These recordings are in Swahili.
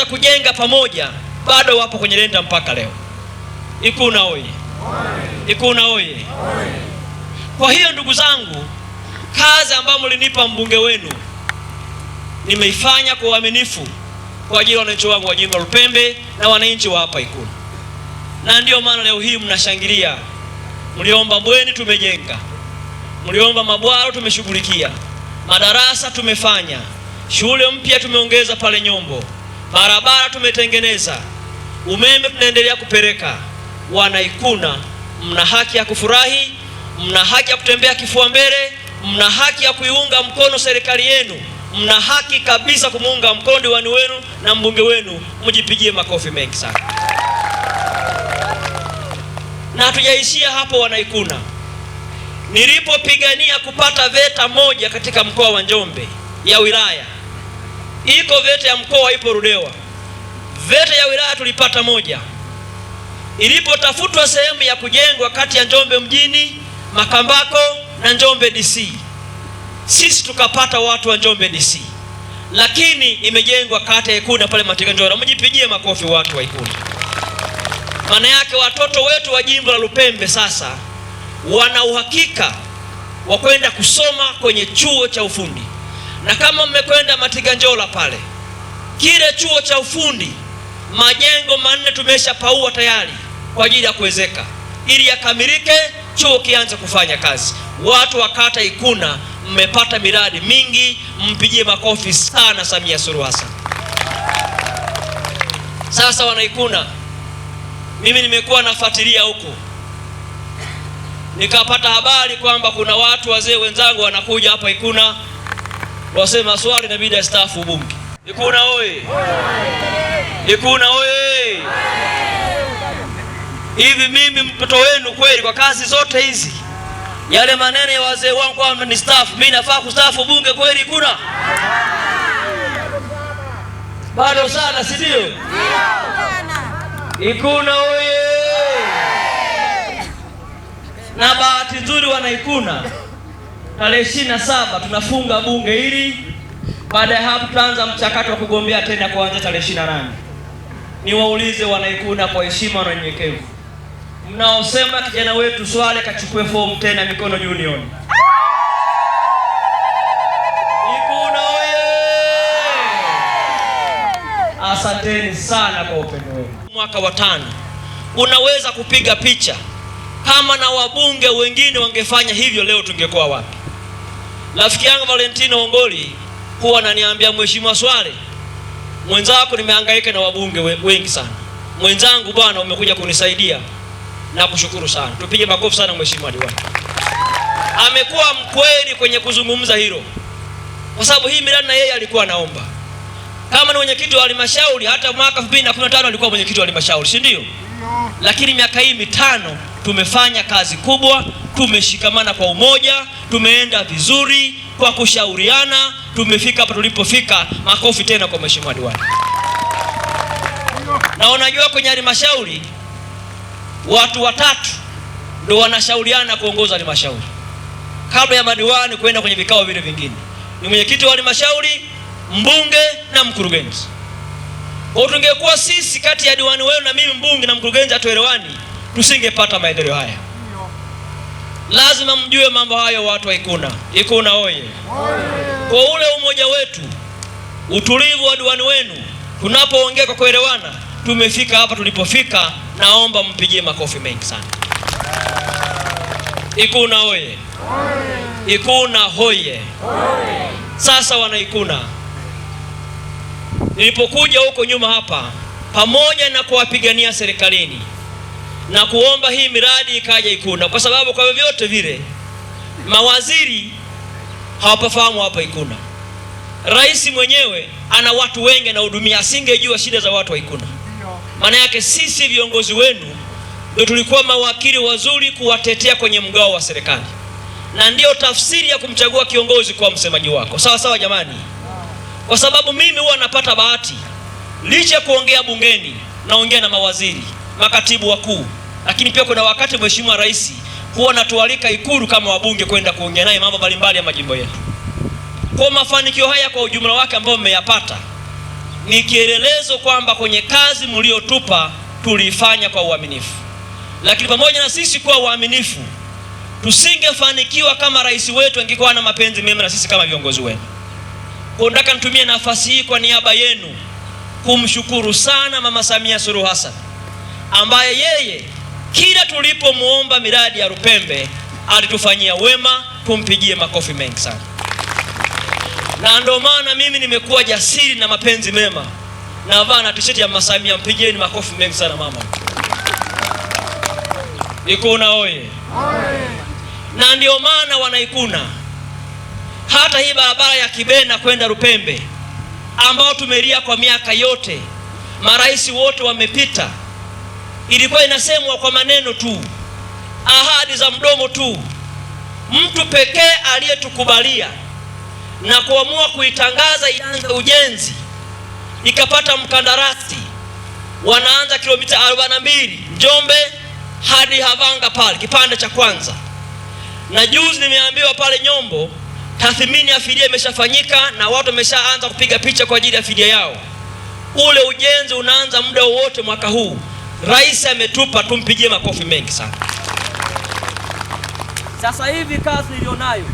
walianza kujenga pamoja, bado wapo kwenye lenda mpaka leo. Ikuna oye! Ikuna oye! Kwa hiyo ndugu zangu, kazi ambayo mlinipa mbunge wenu nimeifanya kwa uaminifu kwa ajili ya wananchi wangu wa jimbo la Lupembe na wananchi wa hapa Ikulu, na ndiyo maana leo hii mnashangilia. Mliomba bweni, tumejenga. Mliomba mabwalo, tumeshughulikia. Madarasa tumefanya. Shule mpya tumeongeza pale Nyombo barabara tumetengeneza, umeme tunaendelea kupeleka, wanaikuna, mna haki ya kufurahi, mna haki ya kutembea kifua mbele, mna haki ya kuiunga mkono serikali yenu, mna haki kabisa kumuunga mkono diwani wenu na mbunge wenu, mjipigie makofi mengi sana. Na hatujaishia hapo, wanaikuna, nilipopigania kupata VETA moja katika mkoa wa Njombe ya wilaya iko VETA ya mkoa ipo rudewa VETA ya wilaya tulipata moja. Ilipotafutwa sehemu ya kujengwa kati ya Njombe mjini Makambako na Njombe DC, sisi tukapata watu wa Njombe DC, lakini imejengwa kata ya Ikunda pale Matikanjora. Mjipigie makofi watu wa Ikunda. Maana yake watoto wetu wa jimbo la Lupembe sasa wana uhakika wa kwenda kusoma kwenye chuo cha ufundi. Na kama mmekwenda Matiganjola pale, kile chuo cha ufundi, majengo manne tumeshapaua tayari kwa ajili ya kuwezeka, ili yakamilike, chuo kianze kufanya kazi. Watu wa kata Ikuna, mmepata miradi mingi, mpigie makofi sana Samia Suluhu Hassan. Sasa wanaikuna, mimi nimekuwa nafuatilia huku nikapata habari kwamba kuna watu wazee wenzangu wanakuja hapa Ikuna wasema swali inabidi astaafu bunge. Ikuna oye! Ikuna oye! Hivi mimi mtoto wenu kweli, kwa kazi zote hizi, yale maneno ya wazee wangu kwamba ni staafu, mimi nafaa kustaafu bunge kweli? Kuna bado sana, si ndio? Ikuna oye! Na bahati nzuri wanaikuna tarehe ishirini na saba tunafunga bunge hili. Baada ya hapo, tutaanza mchakato wa kugombea tena kuanzia tarehe ishirini na nane. Niwaulize Wanaikuna kwa heshima na unyenyekevu, mnaosema kijana wetu Swale kachukue fomu tena, mikono juu Ikuna oye! Asanteni sana kwa upendo wenu. Mwaka wa tano unaweza kupiga picha kama na wabunge wengine wangefanya hivyo, leo tungekuwa wapi? Rafiki yangu Valentino Ongoli huwa ananiambia Mheshimiwa Swale, mwenzako nimehangaika na wabunge wengi sana, mwenzangu bwana, umekuja kunisaidia na kushukuru sana. Tupige makofi sana mheshimiwa diwani. Amekuwa mkweli kwenye kuzungumza hilo, kwa sababu hii miradi na yeye alikuwa anaomba. Kama ni mwenyekiti wa halmashauri, hata mwaka 2015 alikuwa mwenyekiti wa halmashauri, si ndio? Lakini miaka hii mitano tumefanya kazi kubwa tumeshikamana kwa umoja, tumeenda vizuri kwa kushauriana, tumefika hapa tulipofika. Makofi tena kwa mheshimiwa diwani. Na unajua kwenye halmashauri watu watatu ndo wanashauriana kuongoza halmashauri kabla ya madiwani kwenda kwenye vikao vile vingine, ni mwenyekiti wa halmashauri, mbunge na mkurugenzi. Kwa tungekuwa sisi kati ya diwani wenu na mimi mbunge na mkurugenzi hatuelewani, tusingepata maendeleo haya lazima mjue mambo hayo, watu wa Ikuna. Ikuna oye! Kwa ule umoja wetu, utulivu wa diwani wenu, tunapoongea kwa kuelewana, tumefika hapa tulipofika. Naomba mpigie makofi mengi sana. Ikuna oye! Ikuna hoye! Sasa wana Ikuna, nilipokuja huko nyuma hapa pamoja na kuwapigania serikalini na kuomba hii miradi ikaja Ikunda, kwa sababu kwa vyovyote vile mawaziri hawapafahamu hapa Ikunda. Rais mwenyewe ana watu wengi anahudumia, asingejua shida za watu wa Ikunda. Maana yake sisi viongozi wenu ndio tulikuwa mawakili wazuri kuwatetea kwenye mgao wa serikali, na ndiyo tafsiri ya kumchagua kiongozi kuwa msemaji wako. Sawa sawa, jamani, kwa sababu mimi huwa napata bahati licha ya kuongea bungeni, naongea na mawaziri, makatibu wakuu lakini pia kuna wakati Mheshimiwa Rais huwa anatualika Ikulu kama wabunge kwenda kuongea naye mambo mbalimbali ya majimbo yetu. Kwa mafanikio haya kwa ujumla wake ambayo mmeyapata ni kielelezo kwamba kwenye kazi mliotupa tuliifanya kwa uaminifu, lakini pamoja na sisi kuwa uaminifu tusingefanikiwa kama rais wetu angekuwa na mapenzi mema na sisi kama viongozi wenu. Kwa nataka nitumie nafasi hii kwa niaba yenu kumshukuru sana Mama Samia Suluhu Hassan ambaye yeye kila tulipomwomba miradi ya rupembe alitufanyia wema, tumpigie makofi mengi sana. Na ndio maana mimi nimekuwa jasiri na mapenzi mema, navaa na tisheti ya Mama Samia, mpigieni makofi mengi sana mama. Ikuna oye! Na ndio maana wanaikuna hata hii barabara ya Kibena kwenda rupembe ambao tumelia kwa miaka yote, marais wote wamepita ilikuwa inasemwa kwa maneno tu, ahadi za mdomo tu. Mtu pekee aliyetukubalia na kuamua kuitangaza ianze ujenzi ikapata mkandarasi, wanaanza kilomita 42 Njombe hadi Havanga pale kipande cha kwanza. Na juzi nimeambiwa pale Nyombo tathmini ya fidia imeshafanyika na watu wameshaanza kupiga picha kwa ajili ya fidia yao. Ule ujenzi unaanza muda wowote mwaka huu. Rais ametupa, tumpigie makofi mengi sana. Sasa hivi kazi nilionayo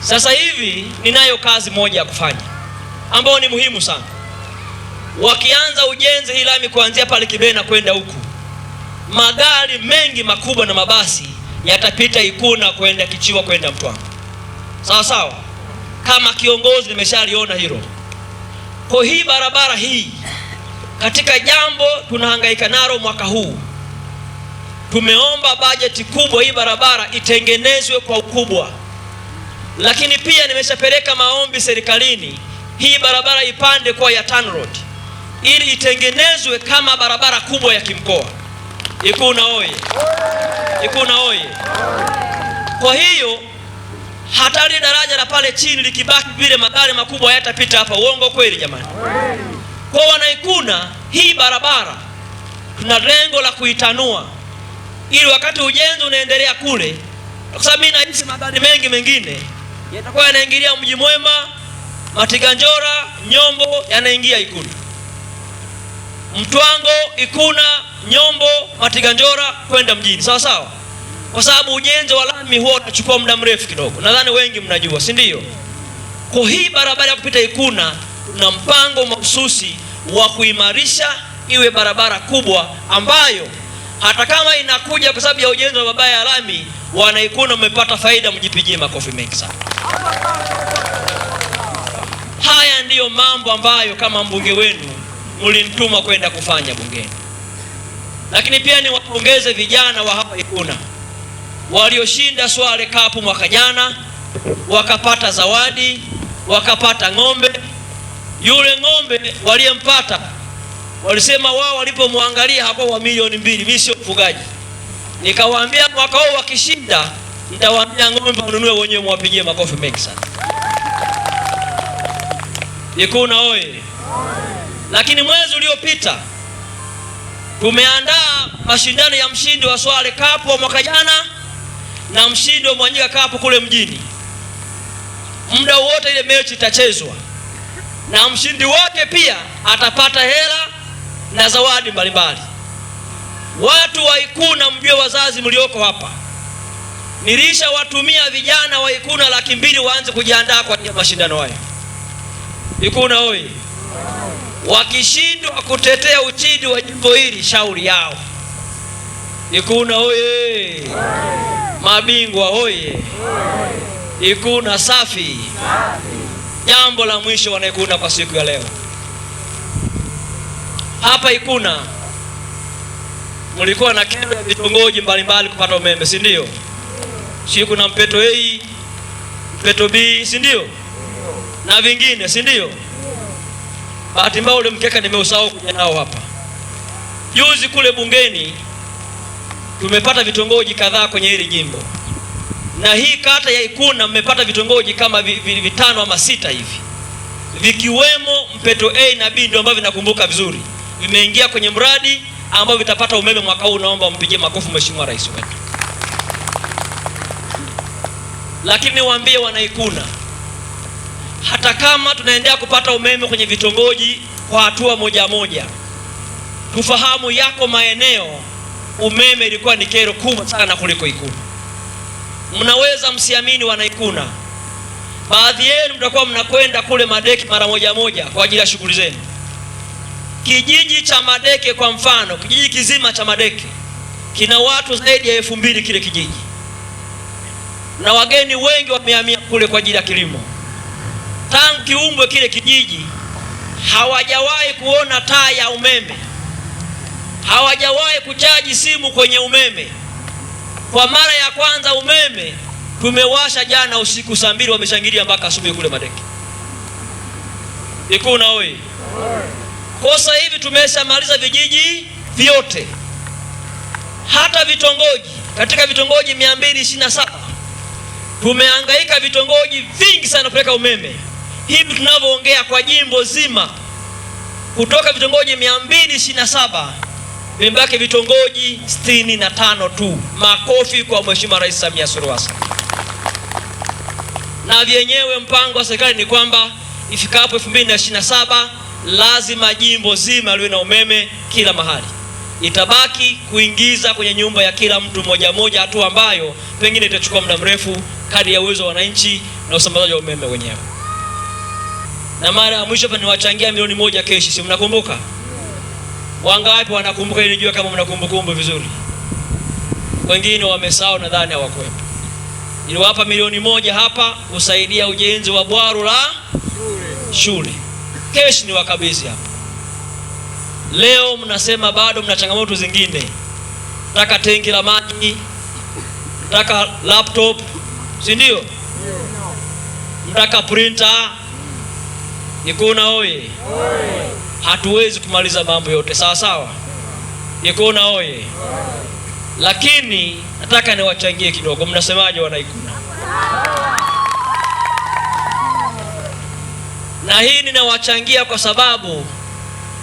sasa hivi ninayo kazi moja ya kufanya ambayo ni muhimu sana. Wakianza ujenzi hii lami kuanzia pale Kibena kwenda huku, magari mengi makubwa na mabasi yatapita Ikuna kwenda Kichiwa kwenda Mtwanga, sawa sawa. Kama kiongozi nimeshaliona hilo. Kwa hii barabara hii, katika jambo tunahangaika nalo mwaka huu, tumeomba bajeti kubwa, hii barabara itengenezwe kwa ukubwa, lakini pia nimeshapeleka maombi serikalini, hii barabara ipande kwa ya TANROADS ili itengenezwe kama barabara kubwa ya kimkoa. Ikuna oye! Ikuna oye! Kwa hiyo hata ile daraja la pale chini likibaki vile, magari makubwa yatapita hapa. Uongo kweli jamani? Kwa Wanaikuna, hii barabara tuna lengo la kuitanua ili wakati ujenzi unaendelea kule, kwa sababu mimi nahisi magari mengi mengine yatakuwa yanaingilia Mji Mwema, Matiganjora, Nyombo, yanaingia Ikuna, Mtwango, Ikuna, Nyombo, Matiganjora kwenda mjini, sawa sawa, kwa sababu ujenzi wa lami huwa unachukua muda mrefu kidogo, nadhani wengi mnajua, si ndio? Kwa hii barabara ya kupita Ikuna tuna mpango mahususi wa kuimarisha iwe barabara kubwa ambayo hata kama inakuja kwa sababu ya ujenzi wa barabara ya lami, wanaikuna umepata faida, mjipigie makofi mengi sana. Haya ndiyo mambo ambayo kama mbunge wenu mlinituma kwenda kufanya bungeni, lakini pia niwapongeze vijana wa hapa Ikuna walioshinda Swale Cup mwaka jana wakapata zawadi, wakapata ng'ombe. Yule ng'ombe waliyempata walisema wao walipomwangalia hapo wa milioni mbili. Mimi sio mfugaji, nikawaambia mwaka huu wakishinda, nitawaambia ng'ombe wanunue wenyewe, mwapigie makofi mengi sana. Ikuna oye! Lakini mwezi uliopita tumeandaa mashindano ya mshindi wa Swale Cup wa mwaka jana na mshindi wa Mwanyika Cup kule mjini, muda wote ile mechi itachezwa na mshindi wake pia atapata hela na zawadi mbalimbali. Watu wa Ikuna, mjue wazazi mlioko hapa, nilishawatumia vijana wa Ikuna laki mbili waanze kujiandaa kwa mashindano hayo Ikuna oye! Wakishindwa kutetea uchidi wa jimbo hili, shauri yao. Ikuna oye! Mabingwa hoye! Ikuna safi! Jambo la mwisho wanaikuna kwa siku ya leo hapa Ikuna mlikuwa na kero ya vitongoji mbalimbali kupata umeme, si ndio? Si kuna Mpeto A, Mpeto B, si ndio? na vingine, si ndio? Bahati mbaya ule mkeka nimeusahau kuja nao hapa juzi kule bungeni tumepata vitongoji kadhaa kwenye hili jimbo, na hii kata ya Ikuna mmepata vitongoji kama vitano ama sita hivi, vikiwemo Mpeto A na B, ndio ambavyo vinakumbuka vizuri, vimeingia kwenye mradi ambao vitapata umeme mwaka huu. Naomba mpigie makofi Mheshimiwa Rais wetu. Lakini niwaambie wanaikuna, hata kama tunaendelea kupata umeme kwenye vitongoji kwa hatua moja moja, tufahamu yako maeneo umeme ilikuwa ni kero kubwa sana kuliko Ikuna. Mnaweza msiamini wana Ikuna, baadhi yenu mtakuwa mnakwenda kule Madeke mara moja moja kwa ajili ya shughuli zenu. Kijiji cha Madeke kwa mfano, kijiji kizima cha Madeke kina watu zaidi ya elfu mbili kile kijiji, na wageni wengi wamehamia kule kwa ajili ya kilimo. Tangu kiumbwe kile kijiji hawajawahi kuona taa ya umeme hawajawahi kuchaji simu kwenye umeme. Kwa mara ya kwanza umeme tumewasha jana usiku saa mbili, wameshangilia mpaka asubuhi kule Madeke Ikuna oye! Kwa sasa hivi tumeshamaliza vijiji vyote, hata vitongoji. Katika vitongoji 227 tumehangaika vitongoji vingi sana kupeleka umeme. Hivi tunavyoongea kwa jimbo zima kutoka vitongoji 227 vimebaki vitongoji sitini na tano tu. Makofi kwa Mheshimiwa Rais Samia Suluhu Hassan. Na vyenyewe mpango wa serikali ni kwamba ifikapo 2027 lazima jimbo zima liwe na umeme kila mahali. Itabaki kuingiza kwenye nyumba ya kila mtu moja moja, hatua ambayo pengine itachukua muda mrefu kadri ya uwezo wa wananchi na usambazaji wa umeme wenyewe. Na mara ya mwisho hapa niwachangia milioni moja keshi, si mnakumbuka? Wangapi wanakumbuka ili jua kama mnakumbukumbu vizuri? Wengine wamesahau, nadhani hawakwepo. Niliwapa milioni moja hapa kusaidia ujenzi wa bwaru la shule, shule. Kesh ni wakabizi hapa. Leo mnasema bado mna changamoto zingine, taka tenki la maji, taka laptop, si ndio? Mtaka printer. Nikuna oye, oye hatuwezi kumaliza mambo yote sawa sawa, Ikuna oye! Lakini nataka niwachangie kidogo. Mnasemaje wanaikuna? Na hii ninawachangia kwa sababu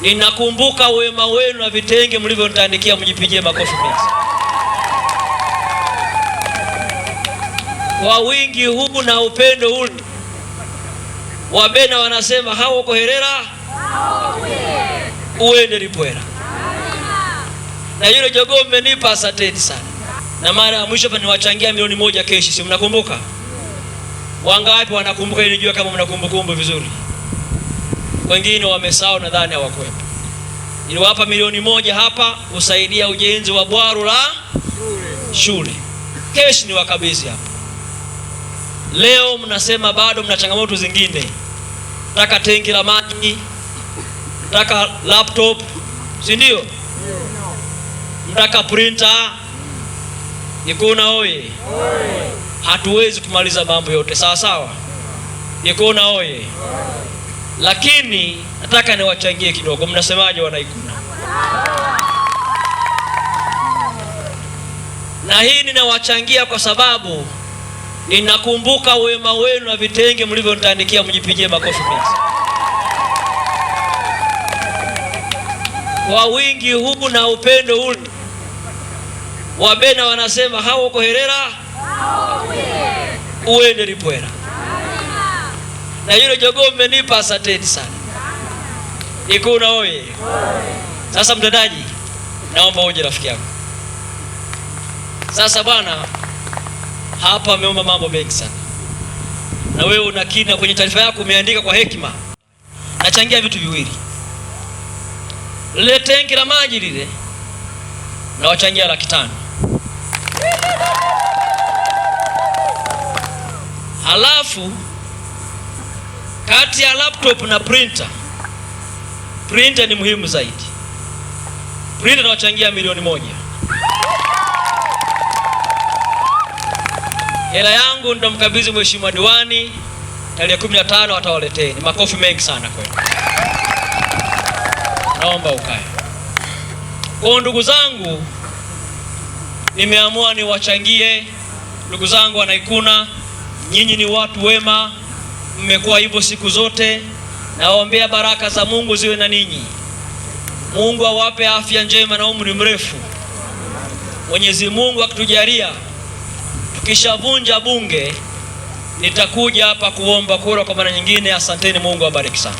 ninakumbuka wema wenu na vitenge mlivyonitandikia. Mjipigie makofi kwa wingi huu na upendo ule Wabena wanasema hawoko herera uende Lipwela, na yule jogoo mmenipa, asanteni sana. Na mara ya mwisho hapa niwachangia milioni moja keshi, si mnakumbuka? Wangapi wanakumbuka? Nijua kama mnakumbukumbu vizuri, wengine wamesahau, nadhani hawakwepo. Niliwapa milioni moja hapa kusaidia ujenzi wa bwaro la shule, keshi ni wakabidhi hapa. Leo mnasema bado mna changamoto zingine, taka tenki la maji mtaka laptop, si ndio? Mtaka printer. Nikona oye, hatuwezi kumaliza mambo yote sawa sawa. Nikona oye, lakini nataka niwachangie kidogo. Mnasemaje wanaikuna? Na hii ninawachangia kwa sababu ninakumbuka wema wenu na vitenge mlivyonitandikia. Mjipigie makofi mengi. kwa wingi huu na upendo huu. Wabena wanasema Herera uende lipwera. Na yule jogoo mmenipa, asanteni sana. Ikuna oye! Sasa mtendaji, naomba uje rafiki yako Sasa bwana hapa ameomba mambo mengi sana, na wewe nakina kwenye taarifa yako umeandika kwa hekima. Nachangia vitu viwili lile tenki la maji lile na wachangia laki tano halafu kati ya laptop na printer, printer ni muhimu zaidi. Printer nawachangia milioni moja. Hela yangu ndo mkabidhi mheshimiwa diwani tarehe 15, atawaletea. Ni makofi mengi sana kwenu naomba ukae. Kwa ndugu zangu, nimeamua niwachangie ndugu zangu Wanaikuna, nyinyi ni watu wema, mmekuwa hivyo siku zote. Nawaombea baraka za Mungu ziwe na ninyi. Mungu awape afya njema na umri mrefu. Mwenyezi Mungu akitujalia, tukishavunja bunge nitakuja hapa kuomba kura kwa mara nyingine. Asanteni, Mungu awabariki sana.